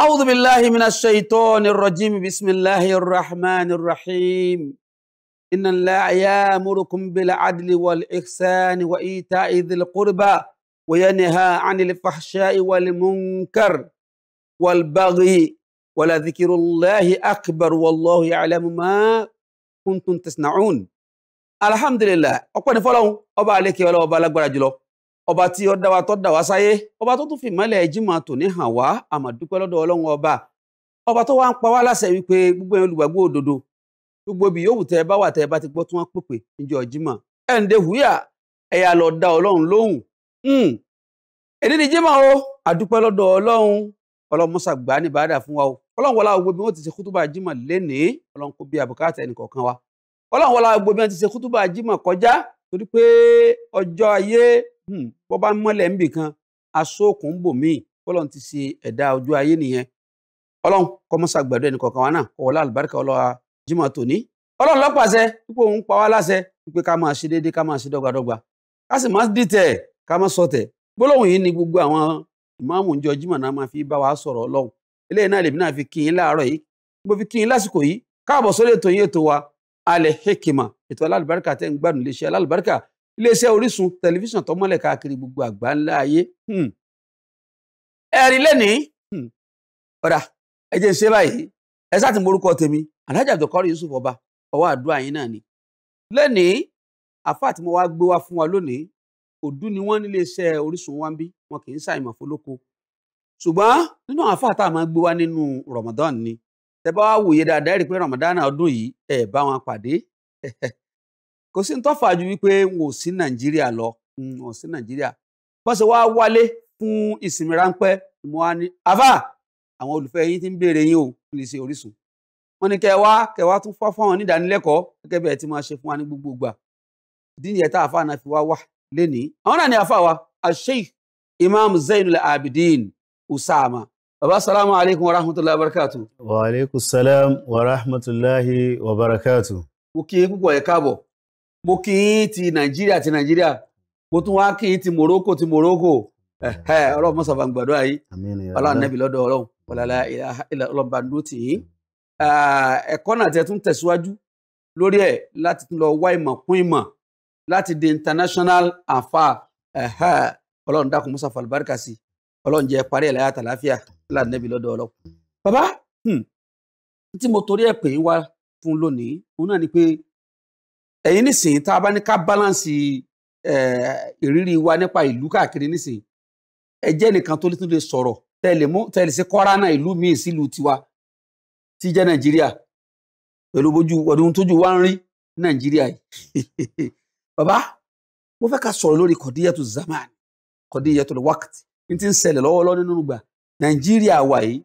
أعوذ بالله من الشيطان الرجيم بسم الله الرحمن الرحيم إن الله يأمركم بالعدل والإحسان وإيتاء ذي القربى وينهى عن الفحشاء والمنكر والبغي ولذكر الله أكبر والله يعلم ما كنتم تصنعون الحمد لله أقول فلو fọ́lọ́run ọba àlékè ọlọ́wọ́ ọba alágbára ọba tí ó dá wa tó dá wa sáyé ọba tó tún fi ìmọ́lẹ̀ Jímọ̀ tòní hàn wá a máa dúpẹ́ lọ́dọ̀ Ọlọ́run ọba ọba tó wá ń pa wá láṣẹ wípé gbogbo ẹ̀yin olùgbàgbọ́ òdodo gbogbo ibi yòówù tẹ́ ẹ bá wà tẹ́ ẹ bá ti gbọ́ tí wọ́n pèpè níjọ́ Jímọ̀ ẹ̀ ń de hùyà ẹ̀yà lọ dá Ọlọ́run lóhùn hmm. èdè ni Jímọ̀ o àdúpẹ́ lọ́dọ̀ Ọlọ́run ọlọ́mọṣà gbà ní bàdà fún wa Ọlọ́run wọlá Hmm, bó bá mọ́lẹ̀ ń bì kan asókùn bò míì bọ́lọ̀ ti ṣe ẹ̀dá ojú ayé nìyẹn ọlọ́run kọ́mọ́sá gbàdúrà ẹnì kọ̀ọ̀kan wa náà kọ̀wọ́lá àlùbáríkà ọlọ́wà jimoh tòní ọlọ́run lọ́pàṣẹ pípé òun pa wá láṣẹ pípé ká máa ṣe déédéé ká máa ṣe dọ́gbadọ́gba ká sì má dìtẹ̀ ká má sọtẹ̀ gbólóhùn yìí ni gbogbo àwọn ìmáàmù ìjọ jimoh náà máa fi bá wa sọ̀rọ̀ ọlọ́run eléyìí náà lèmi náà fi kí yín láàárọ̀ yìí mo fi kí yín lásìkò yìí káàbọ̀ sórí ètò yín ètò wa Al Hikmat ètò alálùbáríkà tẹ́ ń gbádùn léṣe alálùbáríkà iléeṣẹ́ Orísun tẹlifíṣàn tó mọ́lẹ̀ káàkiri gbogbo àgbà ńlá ayé hmm. ẹ̀rí lẹ́nìí hmm. ọ̀dà ẹ jẹ́ ń ṣe báyìí ẹ sáà ti morúkọ tèmi Alhaji Abdulkari Yusuf Ọba ọwọ́ àdúrà yín náà ni lẹ́nìí àfáà tí mo wá gbé wá fún wa lónìí òdú ni wọ́n níléeṣẹ́ Orísun wa ń bí wọn kì í ṣàìmọ̀ fólóko ṣùgbọ́n nínú àfáà tá a máa gbé wá nínú Ramadan ni tẹ bá wá wòye dáadáa rí i pé Ramadan ọdún yìí ẹ bá wọn pàdé kò sí ní tọ́fà ju wípé wọn ò sí lọ wọn ò sí nàìjíríà bó ṣe wáá wálé fún ìsinmi ráńpẹ́ mo wá ní àfà àwọn olùfẹ́ yín ti ń béèrè yín o kí lè ṣe Orísun wọn ní kẹ wá kẹ wá tún fọ́ fáwọn onídàánilẹ́kọ̀ọ́ gẹ́gẹ́ ti máa ṣe fún wa ní gbogbo ìgbà díẹ̀ tá àfà náà fi wá wà lénìí àwọn náà ni wa Imam Abidin Usama baba salamu alaikum wa rahmatulahi wa wa salam wa rahmatulahi wa mo kí ẹ̀ mo kì í ti nàìjíríà ti nàìjíríà mo tún wá kì í ti morocco ti morocco ọlọ́run mọ́sá bá ń gbàdúrà yìí ọlọ́run nẹ́bí lọ́dọ̀ ọlọ́run ọ̀làlá ọlọ́run bá ń dúró tì í. ẹ̀kọ́ náà tẹ̀ tún tẹ̀síwájú lórí ẹ̀ láti tún lọ wá ìmọ̀ kún ìmọ̀ láti di international afa ọlọ́run dákun mọ́sá fàlùbáríkà sí ọlọ́run jẹ́ parí ẹ̀ láyàtà láfíà ọlọ́run nẹ́bí lọ́dọ̀ ọlọ́run. bàbá hmm, tí mo torí ẹ̀ pè é wá fún lónìí òun náà ni pé ẹ̀yin nísìnyí tá a bá ní ká báláǹsì ìrírí wa nípa ìlú káàkiri nísìnyí ẹ jẹ́ nìkan tó tún lè sọ̀rọ̀ tẹ̀lé mú tẹ̀lé sí kọ́ránà ìlú míì sílùú tiwa tí jẹ́ nàìjíríà pẹ̀lú bójú ọdún tójú wa ń rí nàìjíríà yìí bàbá mo fẹ́ ká sọ̀rọ̀ lórí kọ̀díyàtò zaman kọ̀díyàtò wákàtí n ti ń ṣẹlẹ̀ lọ́wọ́lọ́wọ́ nínú gbà nàìjíríà wà yìí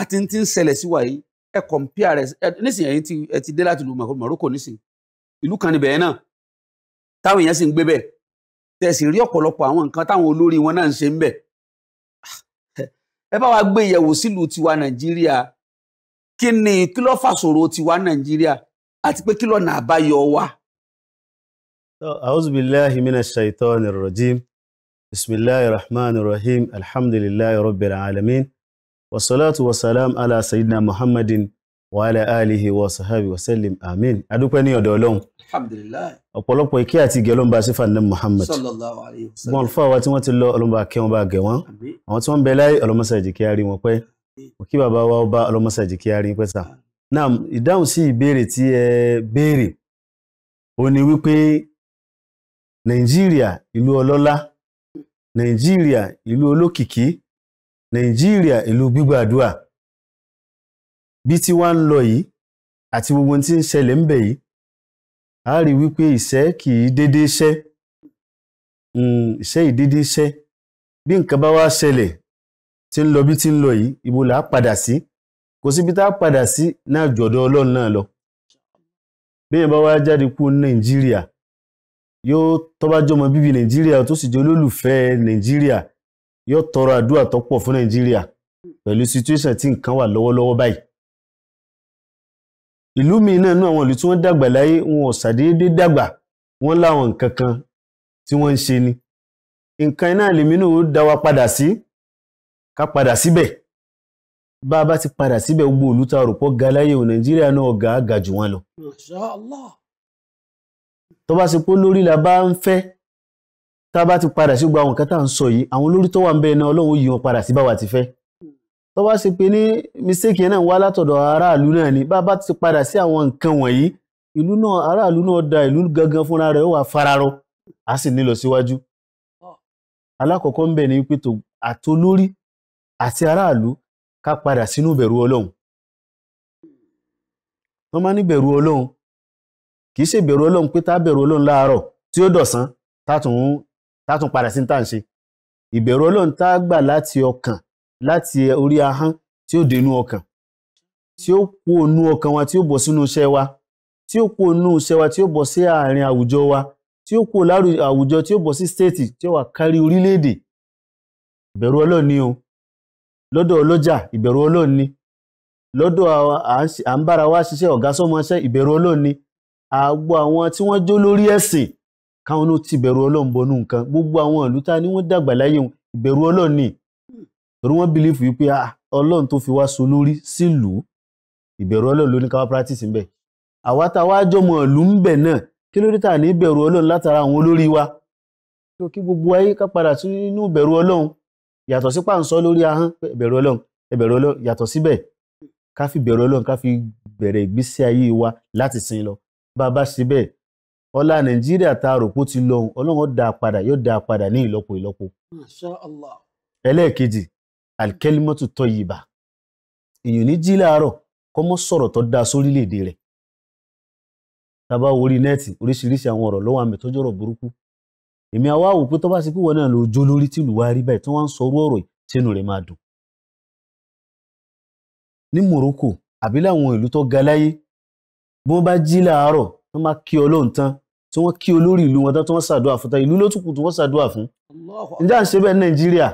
àti n ti ń ṣẹlẹ̀ sí wà yìí ẹ kọ̀mpíà rẹ̀ nísìnyí ẹ ti dé láti lu Morocco nísìnyí ìlú kan níbẹ̀ náà táwọn èèyàn sì ń gbé bẹ̀ tẹ̀sí rí ọ̀pọ̀lọpọ̀ àwọn nǹkan táwọn olórí wọn náà ń ṣe ń bẹ̀ ẹ bá wa gbé ìyẹ̀wò sílùú tiwa nàìjíríà kí ni kí ló fàṣòro tiwa nàìjíríà àti pé kí lọ́nà àbáyọ wa. auzubillahi minash shaitanir rajim bismillahi rahmanir rahim alhamdulillahi rabbil alamin wassalatu wassalam ala sayyidina muhammadin wa ala alihi wa sahabi wa amin adúpẹ́ ní ọ̀dọ̀ ọlọ́run alhamdulillah ọ̀pọ̀lọpọ̀ ìkí àti ìgẹ̀ ọlọ́run bá sí muhammad sallallahu alaihi wasallam wọn fún àwa tí wọ́n ti lọ ọlọ́run bá kẹ́ wọn bá gẹ̀ wọ́n àwọn tí wọ́n ń bẹ láyé ọlọ́mọsà ìjìkí arí wọn pẹ́ òkí bàbá wa ọba ọlọ́mọsà ìjìkí arí pẹ́ sà náà ìdáhùn sí ìbéèrè tí ẹ béèrè ó ní wípé nàìjíríà ìlú ọlọ́lá nàìjíríà ìlú olókìkí nàìjíríà ìlú gbígbàdúrà bí tí wàá ń lọ yìí àti gbogbo tí ń ṣẹlẹ̀ ń bẹ̀ yìí a rí wípé ìṣẹ́ kì í déédéé ṣẹ́ hmm, ìṣẹ́ ìdéédéé ṣẹ́ bí nǹkan bá wá ṣẹlẹ̀ tí ń lọ bí tí ń lọ yìí ibo là á padà sí kò síbi tá a padà sí náà jọ̀dọ̀ ọlọ́run náà lọ bẹ́ẹ̀ bá wá jáde kú nàìjíríà yóò tọ́ba bíbí nàìjíríà tó sì jẹ́ olólùfẹ́ nàìjíríà yóò tọrọ àdúrà tó fún nàìjíríà pẹ̀lú situation tí nǹkan wà lọ́wọ́lọ́wọ́ báyìí ìlú mi náà nú àwọn ìlú tí wọ́n dàgbà láyé wọn ò ṣàdédé dàgbà wọ́n láwọn nǹkan kan tí wọ́n ń ṣe ni nǹkan iná lèmi náà ó dá wa padà sí ká padà síbẹ̀ bá a bá ti padà síbẹ̀ gbogbo ìlú tá a rò pọ̀ ga láyé o nàìjíríà náà ọ̀gá àgà jù wọ́n lọ. tó bá ṣe pé lórí la bá ń fẹ́ tá a bá ti padà sí gbogbo àwọn nǹkan tá à ń sọ yìí àwọn olórí tó wà ń bẹ́ẹ̀ náà ọlọ́run yìí wọn padà sí báwa ti fẹ́ tó bá ṣe pé ní mistake yẹn náà wá látọ̀dọ̀ aráàlú náà ni bá a bá ti padà sí àwọn nǹkan wọ̀nyí ìlú náà aráàlú náà da ìlú gangan fúnra rẹ̀ ó wà fararọ á sì nílọ síwájú. alákọ̀ọ́kọ́ ń bẹ̀ ní pé àtolórí àti aráàlú ká padà sínú bẹ̀rù ọlọ́run. wọ́n máa ní bẹ̀rù ọlọ́run kì í ṣe bẹ̀rù ọlọ́run pé tá bẹ̀rù ọlọ́run láàárọ̀ tí ó dọ̀sán tá tún padà sí ní tá ìbẹ̀rù ọlọ́run tá gbà láti ọkàn láti orí ahọ́n tí ó dénú ọkàn tí ó kú ònú ọkàn wa tí ó bọ̀ sínú iṣẹ́ wa tí ó kú ònú iṣẹ́ wa tí ó bọ̀ sí àárín àwùjọ wa tí ó kú láàrú àwùjọ tí ó bọ̀ sí stéètì tí ó wà kárí orílẹ̀-èdè ìbẹ̀rù ọlọ́run ni o lọ́dọ̀ ọlọ́jà ìbẹ̀rù ọlọ́run ni lọ́dọ̀ à ń bára wa ṣiṣẹ́ ọ̀gá sọ́mọṣẹ́ ìbẹ̀rù ọlọ́run ni àgbo àwọn tí wọ́n jó lórí ẹ̀sìn káwọn ló ti bẹ̀rù ọlọ́run bọnú nǹkan gbogbo àwọn ìlú ta ni wọ́n dàgbà láyé ìbẹ̀rù ọlọ́run ni torí wọ́n bìlífù yìí pé ọlọ́run tó fi wá so lórí sílùú ìbẹ̀rù ọlọ́run ló ní káwá practice ńbẹ̀ àwa tá a wá jọmọ ìlú ńbẹ̀ náà kí ló dé tà ní ìbẹ̀rù ọlọ́run látara àwọn olórí wa tó kí gbogbo ayé ká padà sí inú ìbẹ̀rù ọlọ́run yàtọ̀ sí pàǹsọ́ lórí ahọ́n ìbẹ̀rù ọlọ́run ìbẹ̀rù ọlọ́run yàtọ̀ síbẹ̀ ká fi bẹ̀rù ọlọ́run ká fi bẹ̀rẹ̀ ìgbésí ayé wa láti sin lọ bá a bá ṣe bẹ́ẹ̀ ọlá nàìjíríà tá a ti lọ ọlọ́run ó padà yóò dá padà ní ìlọ́po ìlọ́po. ẹlẹ́ẹ̀kejì alkelimatu tayyiba èèyàn ní jí láàárọ̀ kó mọ́ sọ̀rọ̀ tó dáa sórílẹ̀-èdè rẹ̀ tábà orí nẹ́ẹ̀tì oríṣiríṣi àwọn ọ̀rọ̀ ló wà mẹ́ tó jọ̀rọ̀ burúkú èmi àwa wò pé tó bá ṣe pé wọn náà ló jó lórí tìlú wa rí báyìí tí wọ́n ń sọ orú ọ̀rọ̀ yìí tínú rẹ̀ máa dùn ní Morocco àbí láwọn ìlú tó ga láyé bí wọ́n bá jí láàárọ̀ wọ́n máa kí Ọlọ́run tán tí wọ́n kí olórí ìlú wọn tán tí wọ́n ṣàdúrà fún tán ìlú ló tí wọ́n ṣàdúrà fún ǹjẹ́ à ń ṣe bẹ́ẹ̀ Nàìjíríà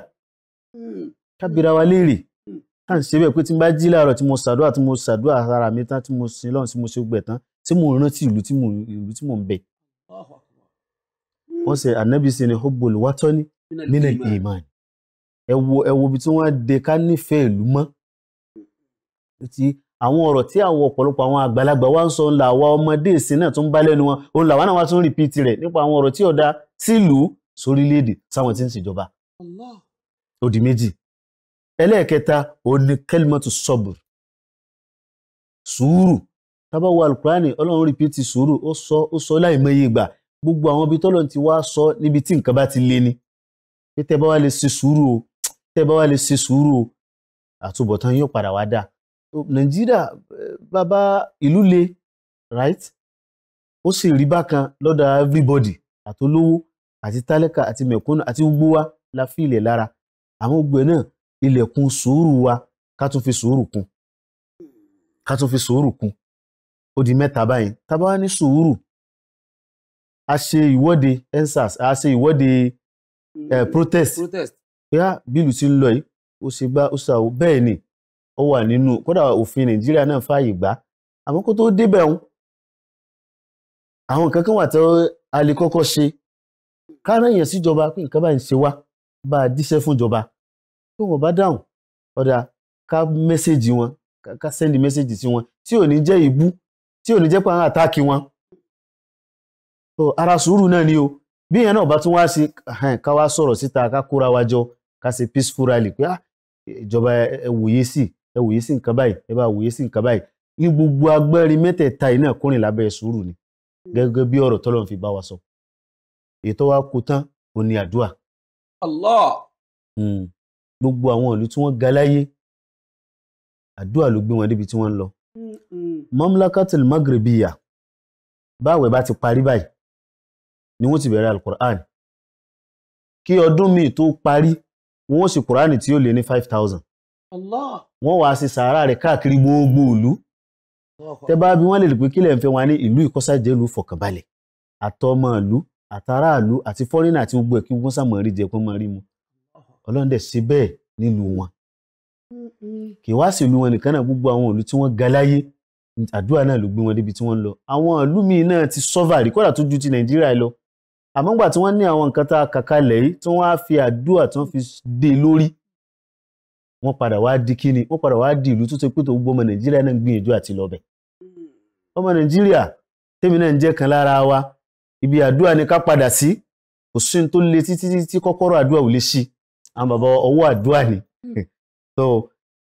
hmm kábìrà wa léèrè hmm. Hmm. ká ń ṣe bẹ́ẹ̀ pé tí n bá jí láàárọ̀ tí mo ṣàdúrà tí mo ṣàdúrà ara mi tán tí mo sin lọ́run tí mo ṣe gbẹ̀ tán tí mo rántí ìlú ìlú tí mo ń bẹ. wọ́n ṣe ànábì sí ni hubbul watani minal iman ẹ wo ẹ wo ibi tí wọ́n á de ká nífẹ̀ẹ́ ìlú mọ́ hmm. ti àwọn ọ̀rọ̀ tí àwọn ọ̀pọ̀lọpọ̀ àwọn àgbàlagbà wa ń sọ ńlá àwa ọmọdé ìsìn náà tó ń bá ẹlẹ́ẹ̀kẹta òun ni kẹlímọ́tò sọ́bùr sùúrù tábà wà alukurani ọlọ́run rìpítì sùúrù ó sọ ó sọ láìmọye ìgbà gbogbo àwọn ibi tọ́lọ̀ ti wá sọ níbi tí nǹkan bá ti lé ni pé tẹ́ bá wà lè ṣe sùúrù o tẹ́ bá wà lè ṣe sùúrù o àtúbọ̀tán yóò padà wá dà nàìjíríà bàbá ìlú le right ó sì rí bákan lọ́dọ̀ everybody àtolówó àti tálẹ́kà àti mẹ̀kúnnù àti gbogbo wa la fi ilẹ̀ lára àwọn gbogbo náà ilẹ̀kùn sùúrù wa ká tún fi sùúrù kún ká tún fi sùúrù kún ó di mẹ́ta báyìí tá wá ní sùúrù a ṣe ìwọ́de ensars a ṣe ìwọ́de mm. eh, protest bóyá bílù ti ń lọ yìí ó ṣe gbá ó ṣàwò bẹ́ẹ̀ ni ó wà nínú kódà òfin nàìjíríà náà fààyè gbà àmọ́ kó tó débẹ̀ òun àwọn nǹkan kan wà tó a lè kọ́kọ́ ṣe ká rán èèyàn síjọba pé nǹkan bá ń ṣe wá bá a díṣẹ́ fúnjọba tó wọn bá dáhùn ọ̀dà ká mẹ́sẹ̀gì wọn ká sẹ́ndì mẹ́sẹ̀gì sí wọn tí ò ní jẹ́ ìbú tí ò ní jẹ́ pé àwọn àtàkì wọn. ara sùúrù náà ni o bí ìyẹn náà bá tún wá sí ká wá sọ̀rọ̀ síta ká kóra wa jọ ká ṣe peaceful rally pé ah, ìjọba ẹ wòye sí ẹ wòye sí nǹkan báyìí ẹ bá wòye sí nǹkan báyìí ní gbogbo agbẹ́rin mẹ́tẹ̀ẹ̀ta yìí náà kúrin lábẹ́ sùúrù ni gẹ́gẹ́ bí ọ̀rọ̀ tọ́lọ́run fi bá wa sọ ètò wa kó tán òní àdúrà. Allah. Hmm gbogbo àwọn ìlú tí wọ́n ga láyé àdúrà ló gbé wọn débi tí wọ́n ń lọ. mamlakatul maghribiya báwẹ̀ bá ti parí báyìí ni wọ́n ti bẹ̀rẹ̀ alukur'an kí ọdún míì tó parí wọ́n sì kur'an tí yóò lé ní five thousand. wọ́n wàá sí sàárà rẹ̀ káàkiri gbogbo ìlú tẹ bá bí wọ́n lè rí pé kílẹ̀ ń fẹ́ wọn ní ìlú ìkọ́sàjẹ́lú fọkànbalẹ̀ àtọmọ ìlú àtàràlú àti fọ́rínà àti gbogbo ẹ̀kí gbọ́nsàmọ́rí jẹ́ pọ́nmọ́rí mu ọlọ́run dẹ̀ ṣe bẹ́ẹ̀ nílùú wọn kì wá sí ìlú wọn nìkan náà gbogbo àwọn ìlú tí wọ́n ga láyé àdúrà náà ló gbé wọn débi tí wọ́n ń lọ àwọn ìlú míì náà ti sọ́fàrí kódà tó ju ti nàìjíríà lọ àmọ́ gbà tí wọ́n ní àwọn nǹkan tá a kà kalẹ̀ yìí tí wọ́n á fi àdúrà tí wọ́n fi dé lórí wọ́n padà wá di kíni wọ́n padà wá di ìlú tó ti pé tó gbogbo ọmọ nàìjíríà náà gbìyànjú àti lọ́bẹ̀ ọmọ nàìjíríà tèmi náà ń jẹ́ kan lára wa ibi àdúrà ni ká padà sí kò sí ní tó le títí tí kọ́kọ́rọ́ àdúrà ò lè ṣí i àwọn bàbá ọwọ́ àdúrà ni hmm. so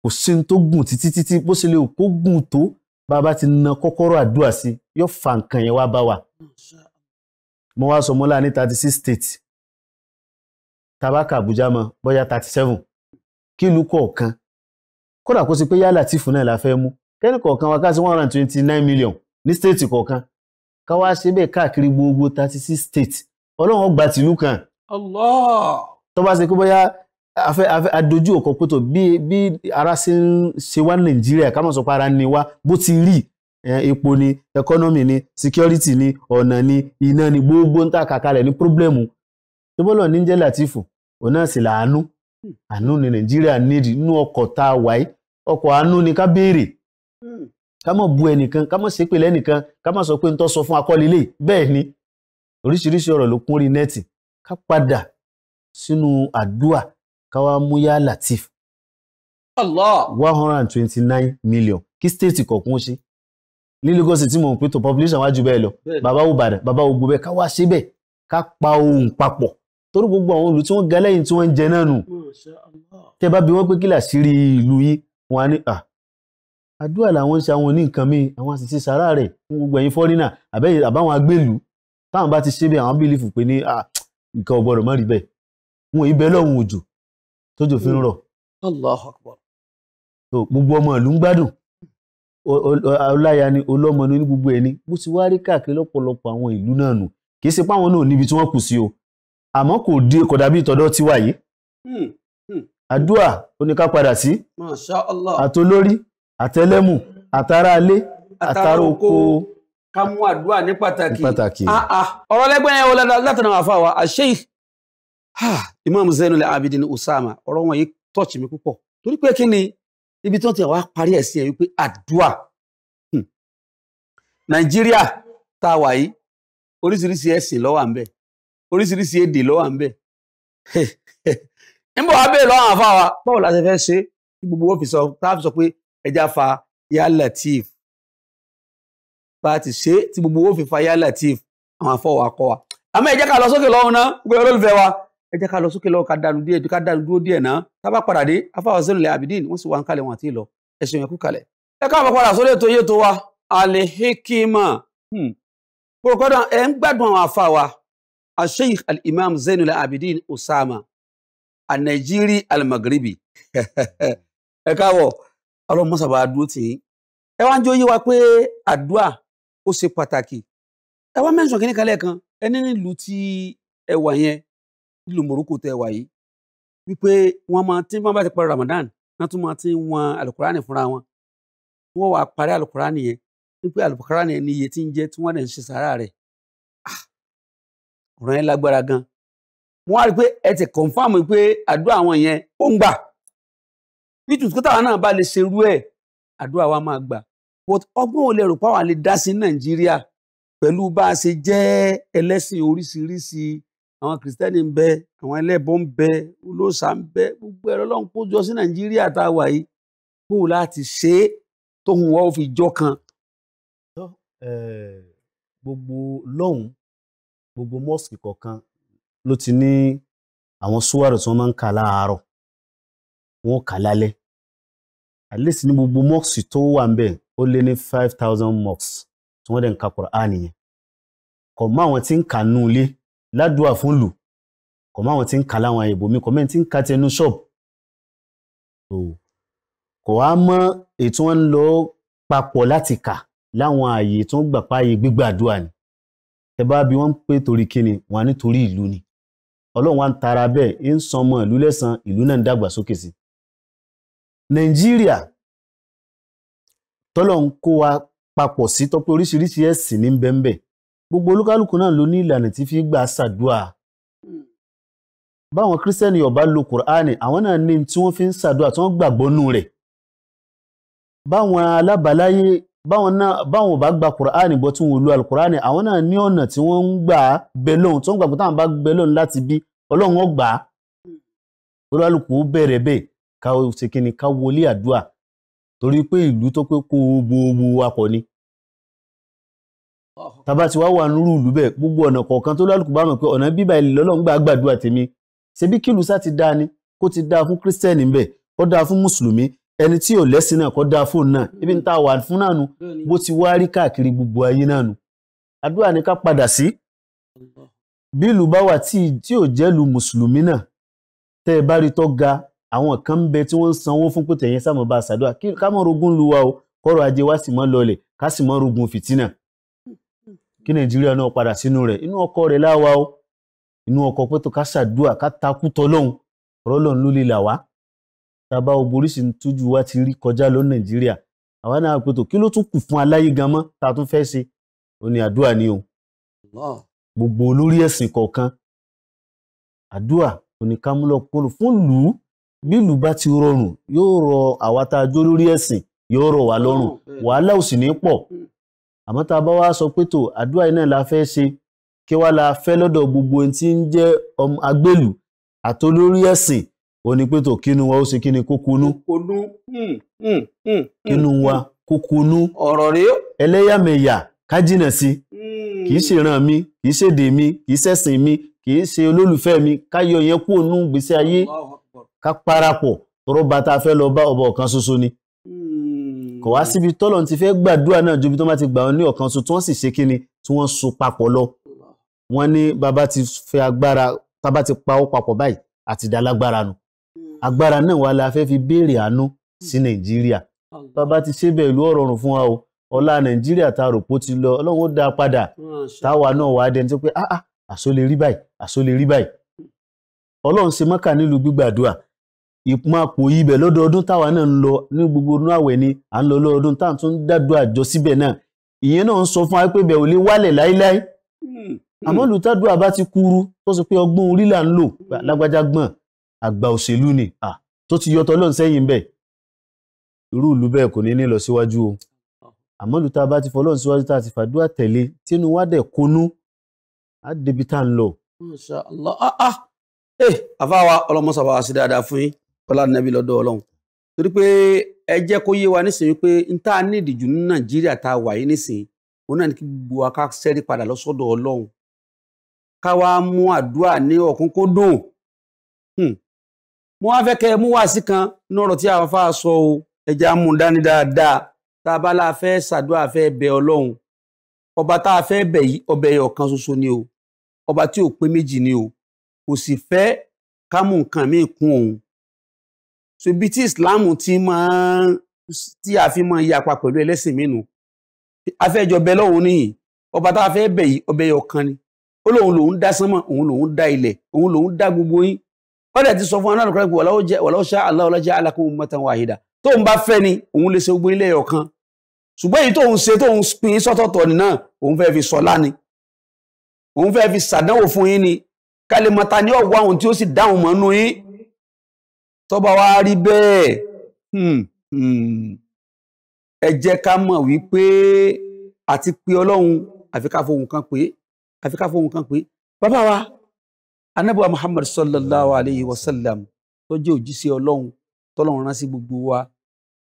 kò sí ní tó gùn títí títí bó ṣe lè kó gùn tó bá a bá ti na kọ́kọ́rọ́ àdúrà sí yóò fa nǹkan yẹn wá bá wa mo wá sọ mo ní thirty six states tabaka Abuja mọ bóyá thirty seven kí ìlú kọ̀ọ̀kan kódà kó sì pé yálà tìfù náà la fẹ́ mú kẹ́ni kọ̀ọ̀kan wa káàsì one hundred twenty nine million ní stéètì kọ̀ọ̀kan ká wá ṣe bẹ́ẹ̀ káàkiri gbogbo thirty six state, ọlọ́run ó gba tìlú kan. Allah tó bá ṣe pé bóyá afẹ́ afẹ́ adojú òkò pé tó bí bí ara ṣe ń ṣe wá nàìjíríà ká mọ̀ sọ pé ara ni wá bó ti rí epo ni economy ni security ni ọ̀nà ni iná ni gbogbo ń tà kàkàlẹ̀ ní problem tó bọ́lọ̀ ní jẹ́ Latifu òun náà sì làánú àánú ni nàìjíríà nídi inú ọkọ̀ tá a wáyé ọkọ̀ àánú ni ká béèrè ká mọ̀ bu ẹnìkan ká mọ̀ ṣépè lẹ́nìkan ká mọ̀ sọ pé ń tọ́ sọ fún akọ́lélẹ̀ bẹ́ẹ̀ ni oríṣiríṣi ọ̀rọ̀ ló kún rí nẹ́ẹ̀tì ká padà sínú àdúà káwá mú yá latif Allah. one hundred and twenty-nine million kí stéètì kọ̀ọ̀kan ṣe ní Lagos tí mò ń pè tó population wájú bẹ́ẹ̀ lọ bàbá wo bàdàn bàbá wo gbogbo ẹ̀ ká wá ṣe bẹ́ẹ̀ ká pa ohun papọ̀ torí gbogbo àwọn olù tí wọ́n ga lẹ́yìn tí wọ́n ń jẹ náà nù tẹ́ bá bi wọ́n pé kí làṣírí ìlú yín wọn á ní à ah, àdúrà làwọn ń ṣe àwọn oníǹkan míì àwọn àṣìṣe sàárà rẹ̀ fún gbogbo ẹ̀yin fọ́rínà àbáwọn agbélú táwọn bá ti ṣe bẹ́ẹ̀ àwọn bílífù pé ní à ah, nǹkan ò gbọdọ̀ rí bẹ́ẹ̀ wọn ibẹ̀ lọ́hùn òjò tójò fi ń rọ̀. Akbar. so gbogbo ọmọ ìlú ń gbádùn ọláya ni ọlọ́mọ ní gbogbo ẹni bó ti wá rí káàkiri lọ́pọ̀lọpọ̀ àwọn ìlú náà nù kì í ṣe páwọn náà níbi tí wọ́n kù sí o àmọ́ kò dé kò dàbí ìtọ́dọ̀ ti wà àdúà oníká padà sí Masha Allah àtolórí àtẹlẹ́mù àtàràlé àtàrà oko ká mú àdúà ní pàtàkì ah, ah. ọ̀rọ̀ lẹ́gbẹ̀ẹ́ yẹn wọlé látọ̀nà àfa wa àṣeyìí Imam Zainul Abidin Usama ọ̀rọ̀ wọn yìí tọ́ọ̀chì mi púpọ̀ torí pé kí ni ibi tó ti wá parí ẹ̀ sí ẹ̀ wípé àdúà hmm. Nàìjíríà tá a wà yìí oríṣiríṣi ẹ̀sìn ló wà ń bẹ oríṣiríṣi èdè ló wà ń bẹ níbo wàá bèèrè lọ́wọ́ àfa wa báwo la ṣe fẹ́ ṣe kí gbogbo wọn fi sọ táà fi sọ pé ẹja fa Ya Latif bá a ti ṣe tí gbogbo wọn fi fa Ya Latif àwọn afọwọ́ akọ wa àmọ́ ẹ ká lọ sókè lọ́hùn náà gbé olólùfẹ́ wa ẹ jẹ́ ká lọ sókè lọ́wọ́ ká dánu díẹ̀ ká dánu dúró díẹ̀ náà tábà padà dé afáwọ̀ Zainul Abidin wọ́n sì wà ń kalẹ̀ wọn àti ìlọ ẹ ṣeun ẹkú kalẹ̀. ẹ káàbọ̀ padà sórí ètò yéètò wa alehikima kòròkọ́dọ̀ hmm. ẹ ń gbádùn àwọn afa wa asheikh alimam imam Zainul Abidin Osama al-Najiri al-Maghribi ẹ káàbọ̀ ọlọ́run mọ́sàbà dúró tì í ẹ wá ń jẹ́ ó yé wa pé àdúà ó ṣe pàtàkì ẹ wá mẹ́sàn-án kìnnìkan lẹ́ẹ̀kan ẹ ní nílùú tí ẹ wà yẹn nílùú Morocco tẹ́ wà yìí wípé wọ́n máa tí bá ti parí Ramadan wọ́n tún máa ti ń wọn alukurani fúnra wọn wọ́n wàá parí alukurani yẹn wípé alukurani ni iye tí ń jẹ́ tí wọ́n dẹ̀ ń ṣe sàárà rẹ̀ ah! ọ̀ràn yẹn lágbára gan wọ́n á rí pé ẹ ti kọ̀nfàmù pé àdúrà àwọn yẹn ó ń gbà bí tùtùkọ́ táwọn náà bá lè ṣerú ẹ̀ àdúrà wa máa gbà but ọgbọ́n ò lè rò pé àwọn dá sí Nàìjíríà pẹ̀lú bá a ṣe jẹ́ ẹlẹ́sìn oríṣiríṣi àwọn kìrìsìtẹ́nì ń bẹ àwọn ẹlẹ́bọ ń bẹ olóòṣà ń bẹ gbogbo ẹ̀rọ ọlọ́run kó jọ sí nàìjíríà tá a wà yìí kó o láti ṣe é tóhun wa ó fi jọ kan. Eh, gbogbo lọ́hùn gbogbo mọ́ọ̀sì kọ̀ọ̀kan ló ti ní àwọn súwárì tí wọ́n máa ń kà láàárọ̀ wọ́n kà lálẹ́ at ní gbogbo mọ́ọ̀sì tó wà ń bẹ̀ ó lé ní five thousand mọ́ọ̀sì tí wọ́n dẹ̀ ń ka Kùránì kọ̀ mọ́ àwọn tí ń kà nù ilé ládùúà fún lù kò má wọn ti ń kà láwọn àyèbò mi kò mẹ́rin ti ń ka tẹnu ṣọ́ọ̀bù kò wá mọ́ ètò wọn lọ papọ̀ láti kà láwọn àyè tó ń gbà páyé gbígbàdúrà ni ẹ bá bí wọ́n ń pè torí kíni wọn á nítorí ìlú ni ọlọ́run wa ń tara bẹ́ẹ̀ ń san ọmọ ìlú lẹ́san ìlú náà ń dàgbà sókè sí nàìjíríà tọ́lọ̀ ń kó wa papọ̀ sí tọ́pẹ́ oríṣiríṣi ẹ̀sìn ní bẹ́ńbẹ́ gbogbo olúkálùkù náà ló ní ìlànà tí fi gbà ṣàdúà hmm. báwọn kírísítẹ́nì ọba lo kùránì àwọn náà ní tí wọ́n fi ń ṣàdúà tí wọ́n gbàgbọ́ nù rẹ̀ báwọn alábàáláyé báwọn náà báwọn bá gba kùránì gbọ́ tí wọ́n lo alukùránì àwọn náà ní ọ̀nà tí wọ́n ń gbà bẹ lóhun tí wọ́n gbàgbọ́ táwọn bá bẹ lóhun láti bí ọlọ́run ó gbà á hmm. olúkálùkù bẹ̀rẹ̀ bẹ́ẹ̀ ká ṣe kí ni ká wọlé àdúà torí pé ìlú tó pé kó gbogbo wa pọ̀ ni tàbá ti wá wà nírú ìlú bẹ́ẹ̀ gbogbo ọ̀nà kọ̀ọ̀kan tó lálùkù bá mọ̀ pé ọ̀nà bíbá ilẹ̀ lọ́lọ́run gbà gbàdúrà tèmi ṣebí kí ìlú sá ti dáa ni kó ti dáa fún kírísítẹ́nì bẹ́ẹ̀ kó dáa fún mùsùlùmí ẹni tí ò lẹ́sìn náà kó dáa fóun náà mm-hmm. ibi ń wà fún náà nu bó ti wá rí káàkiri gbogbo ayé náà nu àdúrà ni ká padà sí bí ìlú bá wà tí tí ò jẹ́ lu mùsùlùmí náà tẹ́ ẹ bá rí tó ga àwọn kan ń bẹ tí wọ́n ń sanwó fún pé tẹ̀yìn sáà mọ̀ bá a ṣàdúrà ká mọ̀ rogún lu wa o kọ́rọ̀ ajé wa sì mọ́ lọlẹ̀ ká sì mọ́ rogún fìtínà kí nàìjíríà náà padà sínú rẹ̀ inú ọkọ̀ rẹ̀ láwa o inú ọkọ̀ pé tó ká ṣàdúà ká takú tọlọ́hun ọlọ́run ló lè là wá tábà oborí sì ń tójú wa ti rí kọjá lọ nàìjíríà àwa náà pé tó kí ló tún kù fún aláyé gan mọ́ tá a tún fẹ́ ṣe ó ní àdúà ni o gbogbo olórí ẹ̀sìn kọ̀ọ̀kan àdúà oníkámúlọ kúrò fún lù ú bí lù bá ti rọrùn yóò rọ àwa tá a jó lórí ẹ̀sìn yóò rọ wá lọ́rùn wàhálà ò sì ní pọ̀ hmm àmọ́ tá a bá wá sọ pé tó àdúrà yìí náà la fẹ́ ṣe kí wá la fẹ́ lọ́dọ̀ gbogbo ẹni tí ń jẹ́ agbélù àtolórí ẹ̀sìn òní pé tó kínú wa ó ṣe kíni kókunú. Hmm, hmm, hmm, kókunú kínú wa kókunú. ọ̀rọ̀ rèé. ẹlẹ́yàmẹ̀yà ká jìnà sí kì í ṣèràn mi kì í ṣèdè mi kì í ṣẹ̀sìn mi kì í ṣe olólùfẹ́ mi ká yọ yẹn kúrò nínú ayé ká parapọ̀ tọrọ bàtà fẹ́ lọ bá ọba ọ̀kan ṣoṣo ni kò wá síbi tọ́lọ́run ti fẹ́ gbàdúrà náà ju bí tó bá ti gbà wọn ní ọ̀kan tuntun wọ́n sì ṣe kíni tí wọ́n so papọ̀ lọ wọ́n ní bàbá ti fẹ́ agbára tábà ti pa ó papọ̀ báyìí àti ìdálágbára nu agbára náà wà la fẹ́ fi béèrè àánú sí nàìjíríà bàbá ti ṣe bẹ́ẹ̀ ìlú ọ̀rọ̀ ọ̀rùn fún wa o ọlá nàìjíríà ta rò pó ti lọ ọlọ́run dá padà táwa náà wà á dẹni tó pé ah lè rí báyìí àsó lè rí báyìí ọlọ́run ṣe mọ́kà nílùú gbígbàdúrà ìpọ́npò ibẹ̀ lọ́dọọdún táwa náà ń lọ ní gbogbo inú àwẹ̀ ni à ń lọ lọ́dọọdún táà tún dádùn àjọ síbẹ̀ náà ìyẹn náà ń sọ fún wa pé bẹ̀ ò lè wálẹ̀ láíláí hmm. àmọ́ olùtàdúrà bá ti kúrú tó sọ pé ọgbọ́n orí là ń lò lágbájá gbọ́n àgbà òṣèlú ni tó ti yọtọ̀ lọ́n sẹ́yìn bẹ́ẹ̀ irú ìlú bẹ́ẹ̀ kò ní ní lọ síwájú o àmọ́ ìlú tá a bá ti fọlọ́run síwájú tá a ti fàdúrà tẹ̀lé tínú wa dẹ̀ ọlá nàbí lọ́dọ̀ ọlọ́run torí pé ẹ jẹ́ kó yé wa nísìnyí pé n tá a ní ìdìjú ní nàìjíríà tá a wà yìí nísìnyí òun náà ní kí gbogbo wa ká sẹ́rí padà lọ́sọ́dọ̀ ọlọ́run ká wá mú àdúrà ní ọ̀kúnkúndùn hmm. mo wá fẹ́ kẹ́ ẹ mú wá sí kan ní ọ̀rọ̀ tí àwọn afáà sọ o ẹja mú un dání dáadáa tá a bá la fẹ́ ṣàdúrà fẹ́ bẹ ọlọ́run ọba tá a fẹ́ bẹ̀ yìí ọbẹ̀ yìí ọ̀kan ṣoṣo ni o ọba tí ò pé méjì ni o kò sì fẹ́ ká mú nǹkan míì kún òun so ibi tí islam ti máa tí a fi máa yapa pẹ̀lú ẹlẹ́sìn mínú afẹ́jọ bẹ lọ́hùn níyìn ọba tá a fẹ́ bẹ̀ yìí ọbẹ̀ yọ kan ni ó lóun lòun dá sánmọ̀ òun lòun dá ilẹ̀ òun lòun dá gbogbo yín ọdẹ ti sọ fún anáàlú kọ́lá pé wàláwọ́ ṣá aláwọ̀ lájá alákùn ummatan wahida tó ń bá fẹ́ ni òun lè ṣe gbogbo ilé ọ̀kan ṣùgbọ́n èyí tóun ṣe tóun pín sọ́tọ̀tọ̀ nìna òun fẹ́ fi sọlá ni òun fẹ́ fi ṣàdánwò fún yín ni kálímọ̀ta ni ọ̀wọ́ àwọn tí ó sì dáhùn mọ́nú yín tọ́ba wa rí bẹ́ẹ̀ hmm, hmm, ẹ jẹ́ ká mọ̀ wípé àti pé ọlọ́run àfi ká fohùn kan pé àfi kan pé bàbá wa anábíwá muhammad sallallahu alayhi wa sallam tó jẹ́ òjíṣẹ́ ọlọ́run tọ́lọ́run rán sí gbogbo wa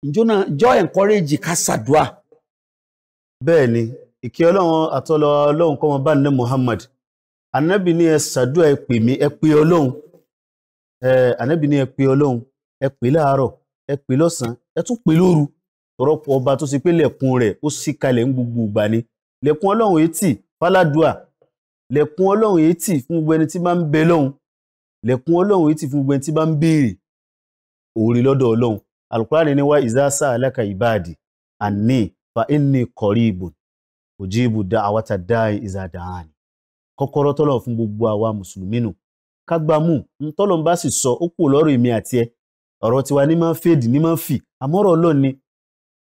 ǹjọ́ náà jọ encourage ká ṣàdúà. bẹ́ẹ̀ ni ìkẹ́ ọlọ́run àtọ́lọ́ ọlọ́run kọ́mọ bá ní muhammad anábì ní ẹ ṣàdúà ẹ pè mí ẹ pè ọlọ́run ànábì ní ẹ pé ọlọ́run ẹ pè láàárọ̀ ẹ pè lọ́sàn-án ẹ tún pè lóru rọ́pò ọba tó ṣe pé lẹ̀kùn rẹ̀ ó ṣí kalẹ̀ ń gbogbo ìgbà ni lẹ̀kùn ọlọ́run etí fáládùá lẹ̀kùn ọlọ́run etí fún gbogbo ẹni tí bá ń bẹ lọ́hùn lẹ̀kùn ọlọ́run etí fún gbogbo ẹni tí bá ń béèrè òòrè lọ́dọ̀ ọlọ́run alukurani ni wá ìzásá aláka ìbáàdì àní fa inni qaribun ujibu da'wata da'i iza da'ani kọ́kọ́rọ́ tọ́lọ̀ fún gbogbo àwa mùsùlùmí nù ká gbà mú tọ́lọ́n bá sì sọ ó kù lọ́rọ̀ èmi àti ẹ ọ̀rọ̀ tiwa ní máa ń fèdì ní máa ń fì àmọ́rọ̀ ọlọ́run ni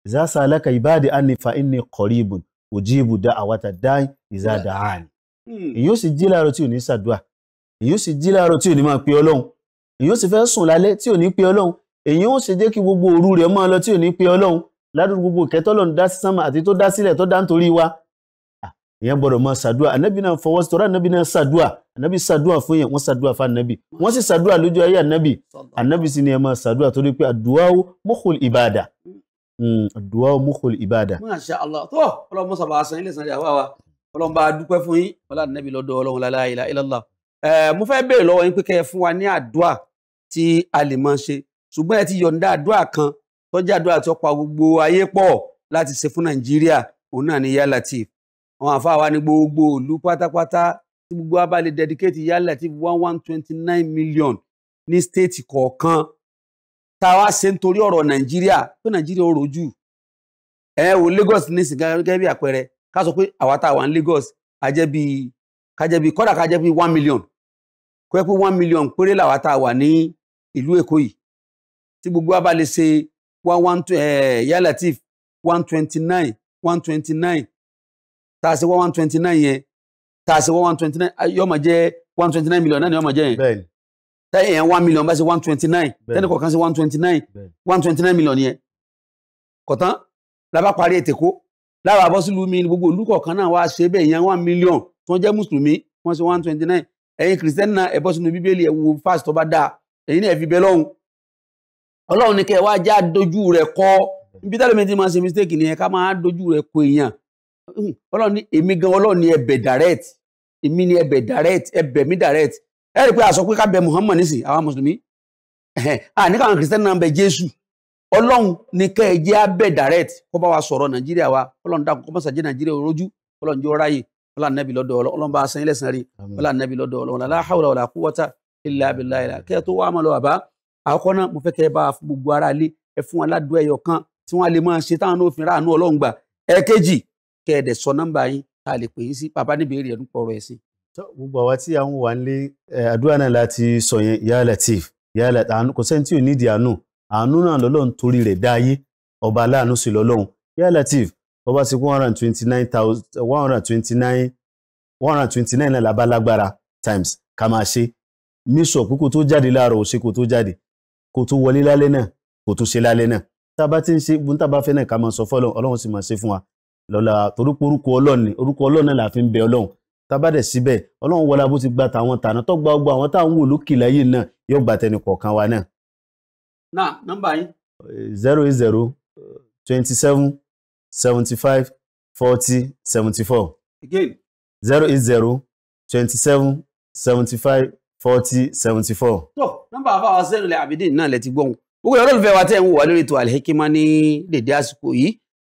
ìzásá aláka ìbáàdì ànífà ìní kọ̀rí ibùn òjì ibù dá àwàtà dáìn ìzádà àní. èyí ó sì jí láàárọ̀ tí ò ní ṣàdúà èyí ó sì jí láàárọ̀ tí ò ní máa pe ọlọ́run èyí ó sì fẹ́ sùn lálẹ́ tí ò ní pe ọlọ́run èyí ó sì jẹ́ kí gbogbo òru rẹ̀ máa lọ tí ò ní pe ọlọ́run ládùúgbò gbogbo dá sí sánmà àti tó dá sílẹ̀ tó dá nítorí wa èèyàn gbọ́dọ̀ máa ṣàdúà ànábì náà fọwọ́ sí tọ́ra ànábì náà ṣàdúà ànábì ṣàdúà fún yẹn wọ́n ṣàdúà fún ànábì wọ́n sì ṣàdúà lójú ayé ànábì ànábì sì ni ẹ máa ṣàdúà torí pé àdúà mukhul ìbàdà àdúà hmm, mukhul ìbàdà. Masha Allah tó ọlọ́run mọ́sà bá a san ilé ìsàn ìyàwó wa ọlọ́run bá a dúpẹ́ fún yín ọlá ànábì lọ́dọ̀ ọlọ́run la ilaha illallah mo fẹ́ béèrè lọ́wọ́ yín pé kẹ́ ẹ fún wa ní àdúà tí a lè máa ṣe ṣùgbọ́n ẹ ti yọ̀ǹda àdúà kan tó jẹ́ àdúà tó pa gbogbo ayé pọ̀ láti ṣe fún Nàìjíríà òun náà ni yá Latif àwọn àfáà wa ní gbogbo òlu pátápátá tí gbogbo wa dedicate yálà tí one one twenty nine million ní state kọ̀ọ̀kan tá a wá ṣe nítorí ọ̀rọ̀ nàìjíríà pé nàìjíríà ó rojú ẹ wo Lagos ní sìnkà gẹ́gẹ́ bí àpẹẹrẹ ká sọ pé àwa tá a wà ní Lagos ajẹ́ bí kájẹ́ bí kọ́dà kájẹ́ bí one million kó yẹ pé one million péré làwa tá a wà ní ìlú Èkó yìí tí gbogbo wa ṣe one one eh, yálà tí one twenty nine one twenty nine tá a ṣe one twenty nine yẹn tá a ṣe one twenty nine yóò one twenty nine million náà ni yóò máa jẹ́ yẹn táyà yẹn one million ba se one twenty nine tẹ́ni kọ̀ọ̀kan ṣe one twenty nine one twenty nine million yẹn kọ̀tán làbá parí ètè kó lára àbọ̀sílù mi gbogbo olùkọ̀ọ̀kan náà wa ṣe bẹ́ẹ̀ yẹn one million tí wọ́n jẹ́ mùsùlùmí wọ́n ṣe one twenty nine ẹ̀yin kìrìsìtẹ́nì náà ẹ̀bọ́ sínú bíbélì ẹ wo fásitì ọba dáa ẹ̀yin náà fi bẹ lọ́hùn ọlọ́run ní kẹ́ ẹ wá já dojú rẹ̀ ibi tẹ́lẹ̀ máa ṣe mistake ni ẹ ká máa dojú rẹ̀ kọ èèyàn ọlọ́run ní èmi gan ọlọ́run ní ẹbẹ̀ direct èmi ní ẹbẹ̀ direct ẹbẹ̀ mi direct ẹ rí i pé a sọ pé ká bẹ Muhammad nísìn àwa mùsùlùmí àní káwọn kìrìsìtẹ́nì náà bẹ Jésù ọlọ́run ní kẹ́ ẹ jẹ́ abẹ́ direct kó bá wa sọ̀rọ̀ Nàìjíríà wa ọlọ́run dákun kó má sàjẹ́ Nàìjíríà rojú ọlọ́run jọ ráyè ọlọ́run nẹ́bi lọ́dọ̀ ọlọ́run bá sẹ́yìn lẹ́sìn rí ọlọ́run nẹ́bi lọ́dọ̀ ọlọ́run kẹ́ ẹ dẹ̀ sọ nọ́mbà yín tá a lè pè yín sí bàbá níbi èrè ẹ̀dùn pọ̀rọ̀ ẹ̀ sí. gbogbo àwa tí àwọn wà ń àdúrà náà láti sọ yẹn ya Latif ya Latif kò sẹ́ni tí ò nídìí àánú àánú náà lọ́lọ́run torí rẹ̀ dá ayé ọba aláàánú sí lọ́lọ́run ya Latif ọba sí one hundred twenty nine thousand one hundred twenty nine one hundred twenty nine náà lábálágbára times ká máa ṣe mísọ̀ pé kò tó jáde láàárọ̀ ò ṣe kò tó jáde kò tó wọlé lálẹ́ náà kò tó ṣe lálẹ́ náà tá a bá ti ń ṣe bùn náà ká máa sọ fọ́lọ́run ọlọ́run sì máa ṣe fún wa lọ́la torúkọ orúkọ ọlọ́run orúkọ ọlọ́run la fi ń bẹ ọlọ́run tábàdẹ̀ síbẹ̀ ọlọ́run wọlá bó ti gba tàwọn tàná tó gba ọgbà àwọn táwọn wò lókè láyé náà yóò gba tẹnì kọ̀ọ̀kan wa náà. náà nọ́mbà yín. zero eight zero twenty seven seventy five forty seventy four. again. zero eight zero twenty seven seventy five forty seventy four. tó nọ́mbà àbáwá sẹ́yìn lẹ́ àbídí náà lẹ ti gbọ́n. gbogbo ìyọ̀rọ̀ ìfẹ́ wa tẹ̀ ń wò wá lórí ètò Al Hikmat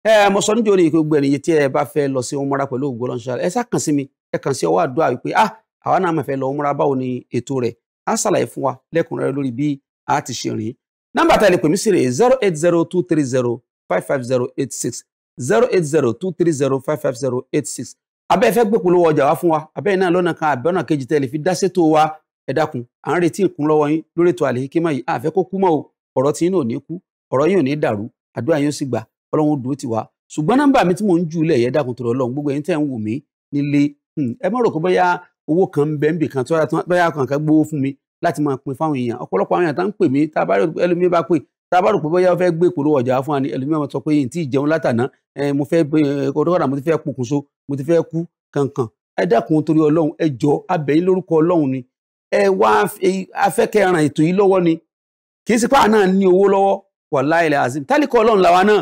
ẹ mo sọ níjó ni ìpè gbogbo ẹnìyẹ tí ẹ bá fẹ́ lọ sí ọmọra pẹ̀lú ògbó lọnṣà ẹ sá kàn sí mi ẹ kàn sí ọwọ́ àdúrà wípé ah àwa náà máa fẹ́ lọ ọmọra báwo ni ètò rẹ̀ á ṣàlàyé fún wa lẹ́kùnrẹ́rẹ́ lórí bí a ti ṣe rìn nọ́mbà tá a lè pè mí sí rè zero eight zero two three zero five five zero eight six zero eight zero two three zero five five zero eight six abẹ́ ẹ fẹ́ gbèpolówó ọjà wá fún wa abẹ́ iná lọ́nà kan àbẹ́ ọ̀nà kejì tẹ́lẹ̀ fi dáṣètò wa ẹ dákun à ń retí ìkún lọ́wọ́ yín lórí ètò àlèkímọ̀ yìí àfẹ́ kó kú mọ́ o ọ̀rọ̀ tí yín ò ní kú ọ̀rọ̀ yín ò ní dàrú àdúrà yín ó sì gbà ọlọ́run dùn ó ti wá ṣùgbọ́n nọ́mbà mi tí mò ń jù lẹ̀ yẹ dákun tọrọ ọlọ́run gbogbo ẹ̀yin tẹ́ ń wò mí nílé hmm, ẹ má rò pé bóyá owó kan ń bẹ ń bì tí bóyá kan kan gbowó fún mi láti máa pin fáwọn èèyàn ọ̀pọ̀lọpọ̀ àwọn èèyàn tá ń pè mí tá a bá rò pé ẹlòmíín bá pè tá a bá rò pé bóyá fẹ́ gbé ìpolówó ọjà fún wa ni ẹlòmíín máa sọ pé yìí tí ìjẹun látàná mo fẹ́ kọ́dọ́kọ́dà mo ti fẹ́ pokùnso mo ti fẹ́ kú kankan ẹ dákun torí ọlọ́run ẹ jọ abẹ́yìn lórúkọ ọlọ́run ni ẹ wá afẹ́kẹ́ ran ètò yìí lọ́wọ́ ni kì í sípà náà ní owó lọ́wọ́ wàláhì àzìm tálíkọ̀ ọlọ́run làwa náà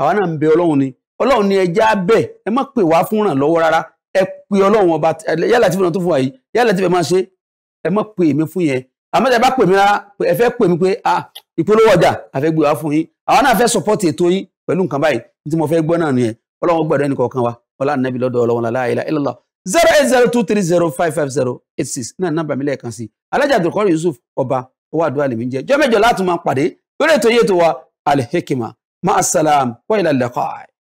àwa náà ń bẹ ọlọ́run ni ọlọ́run ni ẹja bẹ́ẹ̀ ẹ má pè wá fún ìrànlọ́wọ́ rárá ẹ pe ọlọ́run ọba yálà tí fúnra tó fún wa yìí yálà tí fẹ́ máa ṣe ẹ má pè mí fún yẹn àmọ́ ẹ bá pè mí rárá ẹ fẹ́ pè mí pé ah ìpolówó ọjà àfẹ́ gbé wá fún yín àwa náà fẹ́ support ètò yín pẹ̀lú nǹkan báyìí tí mo fẹ́ gbọ́ náà nìyẹn ọlọ́run gbọ́dọ̀ ẹnì kọ̀ọ̀kan wa ọlá nàbí lọ́dọ̀ la ilaha illallah zero eight zero two three zero five five zero eight six náà nàbà mi lẹ́ẹ̀kan sí Yusuf ọba owó àdúrà lèmi jẹ́ jọ́mẹ́jọ láti máa pàdé wa Al مع السلام والى اللقاء